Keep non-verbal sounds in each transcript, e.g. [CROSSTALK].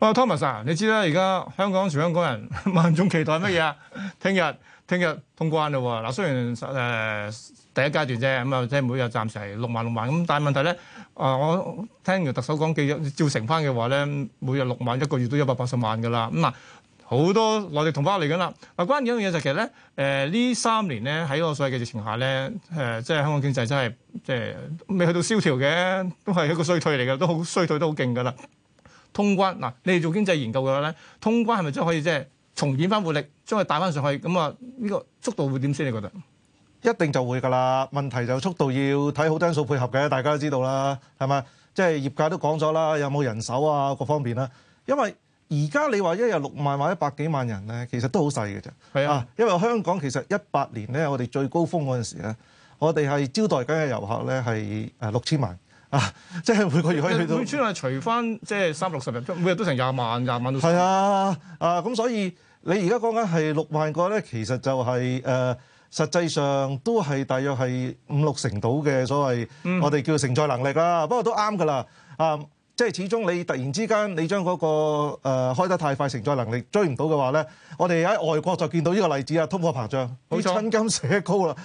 啊、哦、Thomas 啊，你知啦，而家香港全香港人萬眾期待乜嘢啊？聽日聽日通關嘞喎！嗱、哦，雖然誒、呃、第一階段啫，咁啊，即係每日暫時係六萬六萬咁，但係問題咧，啊、呃，我聽完特首講記憶照成翻嘅話咧，每日六萬一個月都一百八十萬噶啦。咁、嗯、啊，好多內地同胞嚟緊啦。嗱，關鍵一樣嘢就其實咧，呢、呃、三年咧喺個所謂嘅疫情下咧、呃，即係香港經濟真係即係未去到蕭條嘅，都係一個衰退嚟嘅，都好衰退都好勁噶啦。通關嗱，你哋做經濟研究嘅話咧，通關係咪真可以即係重演翻活力，將佢帶翻上去？咁啊，呢個速度會點先？你覺得一定就會㗎啦。問題就速度要睇好多因素配合嘅，大家都知道啦，係咪？即係業界都講咗啦，有冇人手啊，各方面啦。因為而家你話一日六萬或一百幾萬人咧，其實都好細嘅啫。係啊，啊，因為香港其實一八年咧，我哋最高峰嗰陣時咧，我哋係招待緊嘅遊客咧係誒六千萬。啊！即係每個月可以去到每村係除翻即係三六十日，每日都成廿萬、廿萬到三。係啊！啊咁所以你而家講緊係六萬個咧，其實就係、是、誒、呃、實際上都係大約係五六成度嘅所謂我哋叫承載能力啊，嗯、不過都啱㗎啦。啊，即係始終你突然之間你將嗰、那個誒、呃、開得太快，承載能力追唔到嘅話咧，我哋喺外國就見到呢個例子啊，通貨膨脹好薪金升高啦，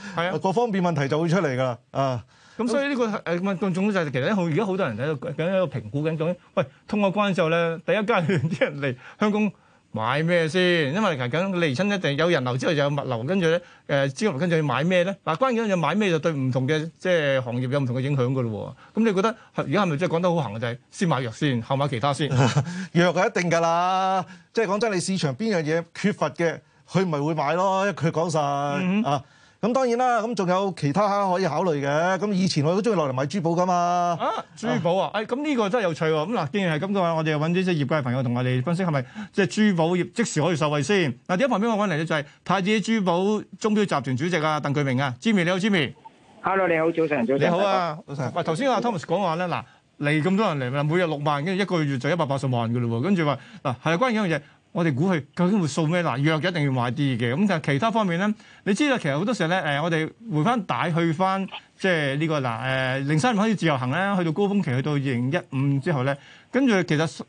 各方面問題就會出嚟㗎啦。啊！咁、嗯、所以呢、呢個誒咁總總就係其實好，而家好多人喺度緊喺度評估緊，講喂通過關之後呢，咧，第一階段啲人嚟香港買咩先？因為緊緊嚟親，一定有人流之後就有物流，跟住咧誒之後跟住買咩咧？嗱，關鍵就買咩，就對唔同嘅即係行業有唔同嘅影響噶咯。咁你覺得而家係咪真係講得好行嘅就係、是、先買藥先，後買其他先？啊、藥係一定㗎啦，即係講真，你市場邊樣嘢缺乏嘅，佢咪會買咯。佢講晒。啊。嗯嗯。咁當然啦，咁仲有其他可以考慮嘅。咁以前我都中意落嚟買珠寶噶嘛。啊，珠寶啊，誒、哎，咁呢個真係有趣喎。咁嗱，既然係咁嘅話，我哋揾啲啲業界朋友同我哋分析係咪即係珠寶業即時可以受惠先。嗱、啊，喺旁邊我揾嚟嘅就係太子珠寶鐘錶集團主席啊，鄧鉅明啊。Jimmy 你好，Jimmy Hello，你好，早晨，早晨。你好啊。喂上，頭先阿 Thomas 講話咧，嗱嚟咁多人嚟，每日六萬，跟住一個月就一百八十萬嘅嘞喎，跟住話嗱係關於一樣嘢？我哋估佢究竟會做咩？嗱，藥一定要買啲嘅。咁但係其他方面咧，你知道其實好多時候咧，我哋回翻帶去翻，即係呢個嗱誒零三年開始自由行咧，去到高峰期，去到二零一五之後咧，跟住其實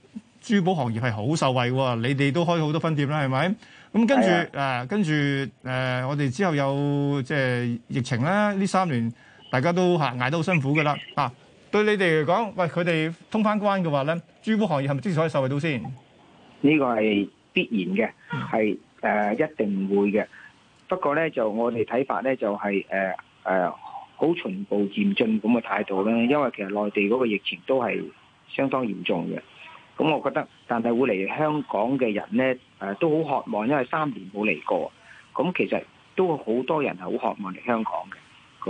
珠寶行業係好受惠喎。你哋都開好多分店啦，係咪？咁跟住誒，跟住誒的、呃呃，我哋之後有即係、就是、疫情啦，呢三年大家都嚇捱得好辛苦㗎啦。啊，對你哋嚟講，喂佢哋通翻關嘅話咧，珠寶行業係咪之所以受惠到先？呢個係必然嘅，係誒、呃、一定會嘅。不過呢，就我哋睇法呢，就係誒誒好循步漸進咁嘅態度咧。因為其實內地嗰個疫情都係相當嚴重嘅。咁我覺得，但係會嚟香港嘅人呢，誒、呃、都好渴望，因為三年冇嚟過。咁其實都好多人係好渴望嚟香港嘅。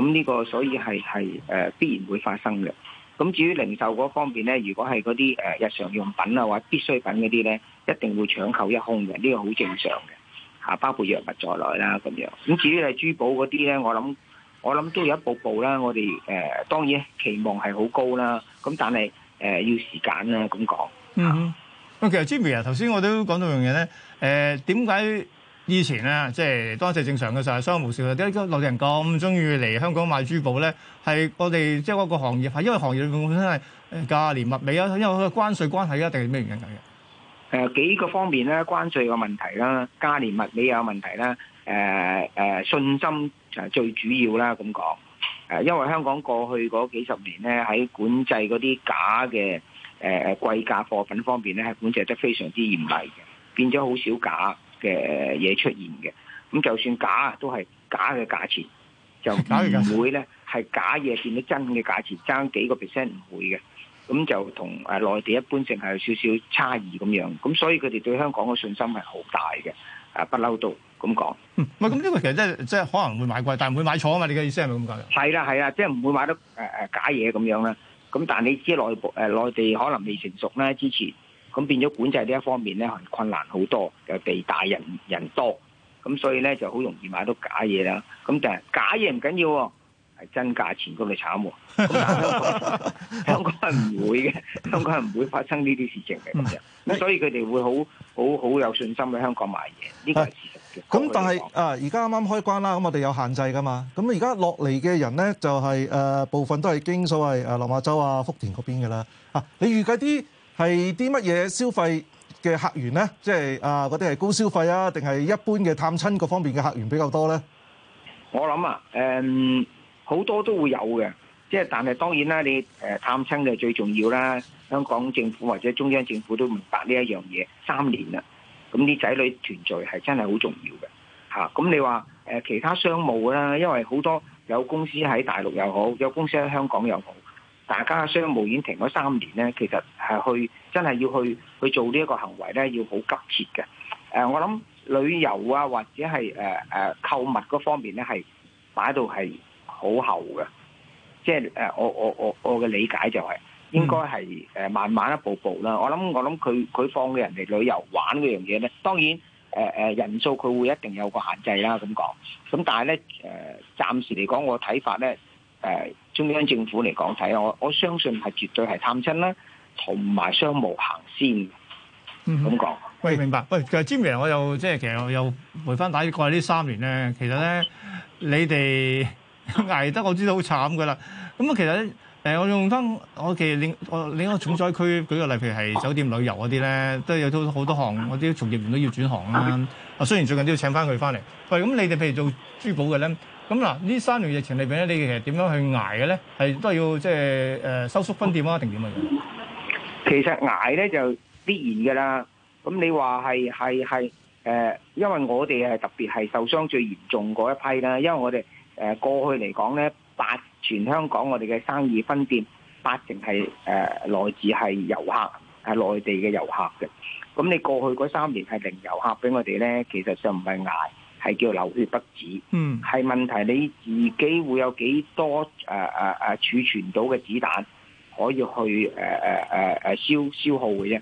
咁呢個所以係係誒必然會發生嘅。咁至於零售嗰方面咧，如果係嗰啲誒日常用品啊或者必需品嗰啲咧，一定會搶購一空嘅，呢個好正常嘅嚇，包括藥物在內啦咁樣。咁至於係珠寶嗰啲咧，我諗我諗都有一步步啦，我哋誒、呃、當然期望係好高啦，咁但係誒、呃、要時間啦，咁講、啊、嗯，喂，其實 Jimmy 啊，頭先我都講到樣嘢咧，誒點解？以前咧，即係當日正常嘅時候係商務事。點解內地人咁中意嚟香港買珠寶咧？係我哋即係一個行業，係因為行業本身係價廉物美啊。因為關稅關係啊，定係咩原因嚟嘅？誒幾個方面咧，關稅嘅問題啦，價廉物美又有問題啦。誒誒，信心就係最主要啦。咁講誒，因為香港過去嗰幾十年咧，喺管制嗰啲假嘅誒貴價貨品方面咧，係管制得非常之嚴厲嘅，變咗好少假。嘅嘢出現嘅，咁就算假都係假嘅價錢，就假如唔會咧係假嘢變到真嘅價錢爭幾個 percent 唔會嘅，咁就同誒內地一般性係有少少差異咁樣，咁所以佢哋對香港嘅信心係好大嘅，啊不嬲都咁講。唔係咁呢個其實真係真係可能會買貴，但唔會買錯啊嘛！你嘅意思係咪咁講？係啦係啦，即係唔會買到誒誒、呃、假嘢咁樣啦。咁但係你知內部誒、呃、內地可能未成熟咧，之前。咁變咗管制呢一方面咧，可能困難好多，又地大人人多，咁所以咧就好容易買到假嘢啦。咁但係假嘢唔緊要，啊，係真價錢咁嚟慘，啊 [LAUGHS] 香。香港係唔會嘅，香港係唔會發生呢啲事情嘅咁樣。咁 [LAUGHS] 所以佢哋會好好好有信心喺香港買嘢，呢個係事實嘅。咁但係啊，而家啱啱開關啦，咁我哋有限制噶嘛。咁而家落嚟嘅人咧，就係、是、誒、呃、部分都係經所謂誒落、呃、馬洲啊、福田嗰邊嘅啦。啊，你預計啲？係啲乜嘢消費嘅客源呢？即係啊，嗰啲係高消費啊，定係一般嘅探親各方面嘅客源比較多呢？我諗啊，誒、嗯、好多都會有嘅，即係但係當然啦，你誒探親嘅最重要啦。香港政府或者中央政府都明白呢一樣嘢，三年啦，咁啲仔女團聚係真係好重要嘅嚇。咁你話誒其他商務啦，因為好多有公司喺大陸又好，有公司喺香港又好。大家商務已經停咗三年咧，其實係去真係要去去做呢一個行為咧，要好急切嘅、呃。我諗旅遊啊，或者係誒誒購物嗰方面咧，係擺到係好後嘅。即係誒，我我我我嘅理解就係、是、應該係慢慢一步步啦。嗯、我諗我諗佢佢放嘅人嚟旅遊玩嗰樣嘢咧，當然誒、呃、人數佢會一定有個限制啦。咁講咁，但係咧誒，暫時嚟講，我睇法咧。誒中央政府嚟講睇，我我相信係絕對係探親啦，同埋商務行先。嗯哼，咁講。喂，明白。喂，其實 Jimmy 我又即係其實又回翻打過去呢三年咧，其實咧、嗯、你哋捱得我知道好慘噶啦。咁啊，其實誒我用翻我其實另我另一個重災區舉個例，譬如係酒店旅遊嗰啲咧，都有都好多行，我啲從業員都要轉行啦、啊。我雖然最近都要請翻佢翻嚟。喂，咁你哋譬如做珠寶嘅咧？咁嗱，呢三年疫情裏邊咧，你其實點樣去挨嘅咧？係都係要即、就、係、是呃、收縮分店啊，定點樣？其實挨咧就必然㗎啦。咁你話係係係因為我哋係特別係受傷最嚴重嗰一批啦。因為我哋誒、呃、過去嚟講咧，八全香港我哋嘅生意分店，八成係誒來自係遊客，係內地嘅遊客嘅。咁你過去嗰三年係零遊客俾我哋咧，其實上唔係挨。係叫流血不止，係、嗯、問題你自己會有幾多誒誒誒儲存到嘅子彈可以去誒誒誒誒消消耗嘅啫？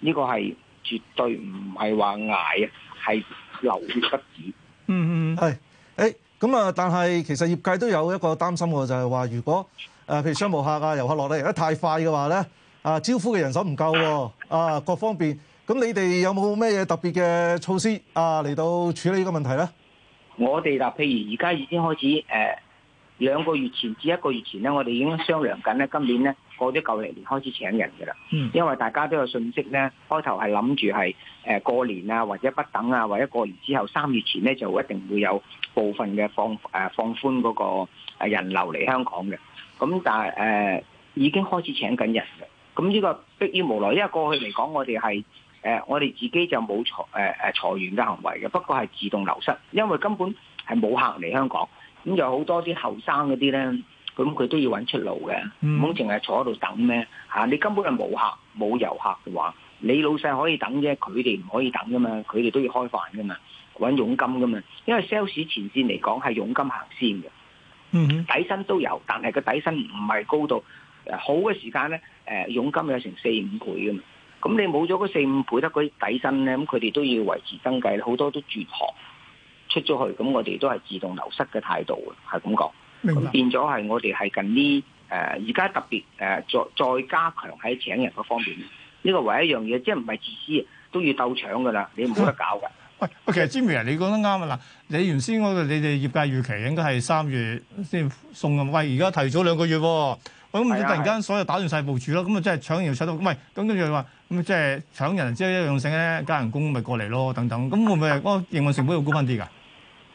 呢、這個係絕對唔係話捱啊，係流血不止。嗯嗯，係、嗯，誒咁啊，但係其實業界都有一個擔心嘅，就係、是、話如果誒、啊、譬如商務客啊、遊客落嚟得太快嘅話咧，啊招呼嘅人手唔夠喎，啊各方面。咁你哋有冇咩嘢特別嘅措施啊嚟到處理呢個問題咧？我哋嗱，譬如而家已經開始誒、呃、兩個月前至一個月前咧，我哋已經商量緊咧，今年咧過咗舊曆年開始請人㗎啦。嗯，因為大家都有信息咧，開頭係諗住係誒過年啊，或者不等啊，或者過年之後三月前咧就一定會有部分嘅放誒、呃、放寬嗰個人流嚟香港嘅。咁但係、呃、已經開始請緊人嘅。咁呢個迫於無奈，因為過去嚟講我哋係。誒， [NOISE] 我哋自己就冇裁誒誒裁員嘅行為嘅，不過係自動流失，因為根本係冇客嚟香港。咁、嗯嗯、有好多啲後生嗰啲咧，咁佢都要揾出路嘅，唔好淨係坐喺度等咩嚇。你根本係冇客冇遊客嘅話，你老細可以等啫，佢哋唔可以等噶嘛，佢哋都要開飯噶嘛，揾佣金噶嘛，因為 sales 前線嚟講係佣金行先嘅，底薪都有，但係個底薪唔係高到好嘅時間咧，誒、呃，佣金有成四五倍噶嘛。咁、嗯、你冇咗嗰四五倍得嗰啲底薪咧，咁佢哋都要維持生計，好多都轉行出咗去，咁我哋都係自動流失嘅態度係咁講。明白。變變咗係我哋係近呢誒，而、呃、家特別誒，再、呃、再加強喺請人嗰方面。呢、呢個唯一一樣嘢，即係唔係自私都要鬥搶㗎啦，你冇得搞㗎。喂，其、okay，實 Jimmy 你講得啱啊嗱，你原先嗰個你哋業界預期應該係三月先送，喂，而家提早兩個月喎、哦。咁突然間所有打亂曬部署咯，咁啊即係搶完又搶到，咁係咁跟住佢話，咁即係搶人之後、就是、一樣性咧加人工咪過嚟咯，等等，咁會唔會個營、 [LAUGHS] 哦、運成本要高翻啲㗎？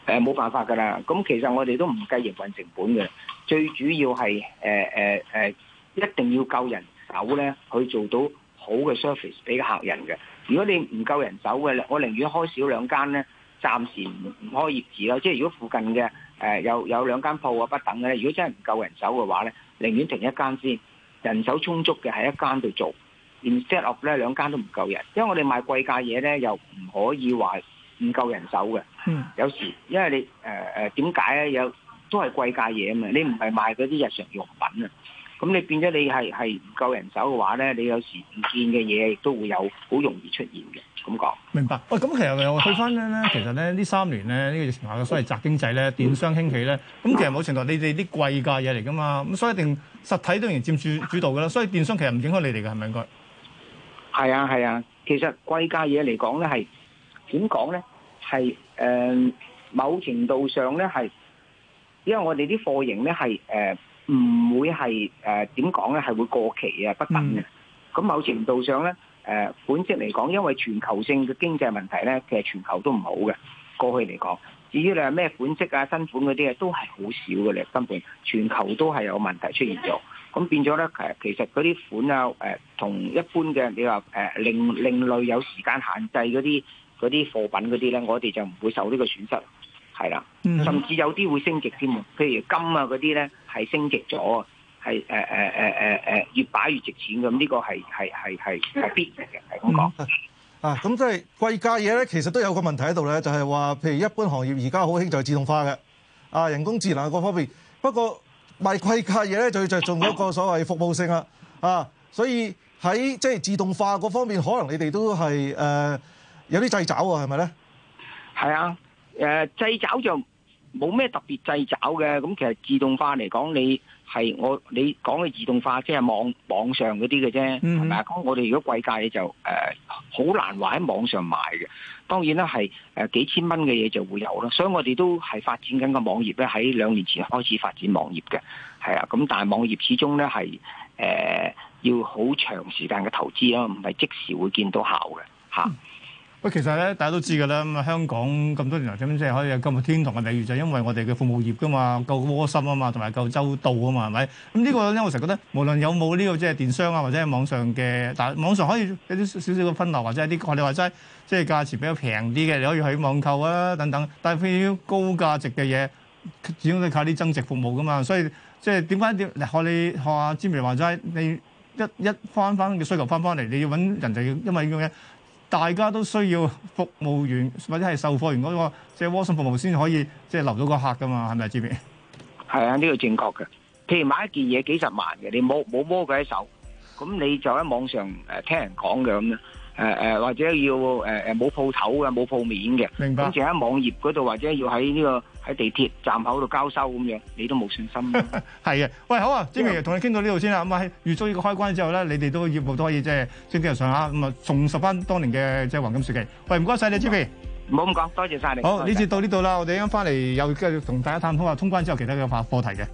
誒冇、呃、辦法㗎啦，咁其實我哋都唔計營運成本嘅，最主要係誒誒誒一定要夠人手咧，去做到好嘅 service 俾客人嘅。如果你唔夠人手嘅，我寧願開少兩間咧，暫時唔開業字啦。即係如果附近嘅誒、呃、有有兩間鋪啊不等嘅，如果真係唔夠人手嘅話咧。寧願停一間先，人手充足嘅喺一間度做，連 set up 咧兩間都唔夠人，因為我哋賣貴價嘢咧又唔可以話唔夠人手嘅。嗯，有時因為你誒誒點解咧？有都係貴價嘢啊嘛，你唔係賣嗰啲日常用品啊。咁你變咗你係係唔夠人手嘅話咧，你有時唔見嘅嘢亦都會有，好容易出現嘅咁講。明白。喂、哦，咁其實又去翻咧，其實咧呢三年咧呢個疫情下嘅所謂宅經濟咧，電商興起咧，咁、嗯、其實某程度你哋啲貴價嘢嚟噶嘛，咁所以一定實體都仍然佔住主導嘅啦。所以電商其實唔影響你哋嘅係咪應該？係啊係啊，其實貴價嘢嚟講咧係點講咧係誒某程度上咧係，因為我哋啲貨型咧係誒。唔會係誒點講咧，係、呃、會過期啊，不等嘅。咁某程度上咧，誒、呃、本質嚟講，因為全球性嘅經濟問題咧，其實全球都唔好嘅。過去嚟講，至於你係咩款式啊、新款嗰啲嘅，都係好少嘅咧，根本全球都係有問題出現咗。咁變咗咧，其實其實嗰啲款啊、呃，同一般嘅你話、呃、另另類有時間限制嗰啲嗰啲貨品嗰啲咧，我哋就唔會受呢個損失，係啦， [LAUGHS] 甚至有啲會升值添喎，譬如金啊嗰啲咧。係升值咗，係誒誒誒誒誒，越擺越值錢咁，呢個係係係係係必然嘅，係咁講。啊，咁即係貴價嘢咧，其實都有個問題喺度咧，就係、是、話，譬如一般行業而家好興就係自動化嘅，啊，人工智能嗰方面。不過賣貴價嘢咧，就要着重一個所謂服務性啦，啊，所以喺即係自動化嗰方面，可能你哋都係誒、呃、有啲掣肘啊，係咪咧？係啊，誒，掣肘就。冇咩特別製找嘅，咁其實自動化嚟講，你係我你講嘅自動化，即、就、係、是、網網上嗰啲嘅啫，係咪啊？嗯、哼我哋如果貴價嘢，就、呃、誒，好難話喺網上買嘅。當然啦，係誒幾千蚊嘅嘢就會有啦。所以我哋都係發展緊個網頁咧，喺兩年前開始發展網頁嘅，係啊。咁但係網頁始終咧係誒要好長時間嘅投資咯，唔係即時會見到效嘅嚇。喂，其實咧，大家都知㗎啦。咁啊，香港咁多年嚟，點解即係可以有今日天堂嘅待遇，就係因為我哋嘅服務業㗎嘛，夠窩心啊嘛，同埋夠周到啊嘛，係咪？咁呢個咧，我成日覺得，無論有冇呢個即係電商啊，或者係網上嘅，但係網上可以有啲少少嘅分流，或者係啲學你話齋，即係價錢比較平啲嘅，你可以喺網購啊等等。但係偏偏高價值嘅嘢，始終都靠啲增值服務㗎嘛。所以即係點解？點？嗱，你學阿詹明話齋，你一一翻翻嘅需求翻翻嚟，你要揾人就要，因為呢樣嘢。大家都需要服務員或者係售貨員嗰個即係窩心服務先可以即係留到個客噶嘛，係咪志明？係啊，呢個正確嘅。譬如買一件嘢幾十萬嘅，你冇冇摸佢喺手，咁你就喺網上誒聽人講嘅咁啦。誒誒、呃，或者要誒誒冇鋪頭嘅，冇鋪面嘅，明白。咁淨喺網頁嗰度或者要喺呢、這個喺地鐵站口度交收咁樣，你都冇信心的。係啊， [LAUGHS] 喂，好啊，Jimmy 同你傾到呢度先啦。咁、嗯、啊，預咗呢個開關之後咧，你哋都業務都可以即係升得日上下，咁、嗯、啊重拾翻當年嘅即係黃金時期。喂，唔該晒你，Jimmy，唔好咁講，多謝晒謝米你。好，呢謝次到呢度啦，我哋一陣返嚟又繼續同大家探討下通關之後其他嘅話課題嘅。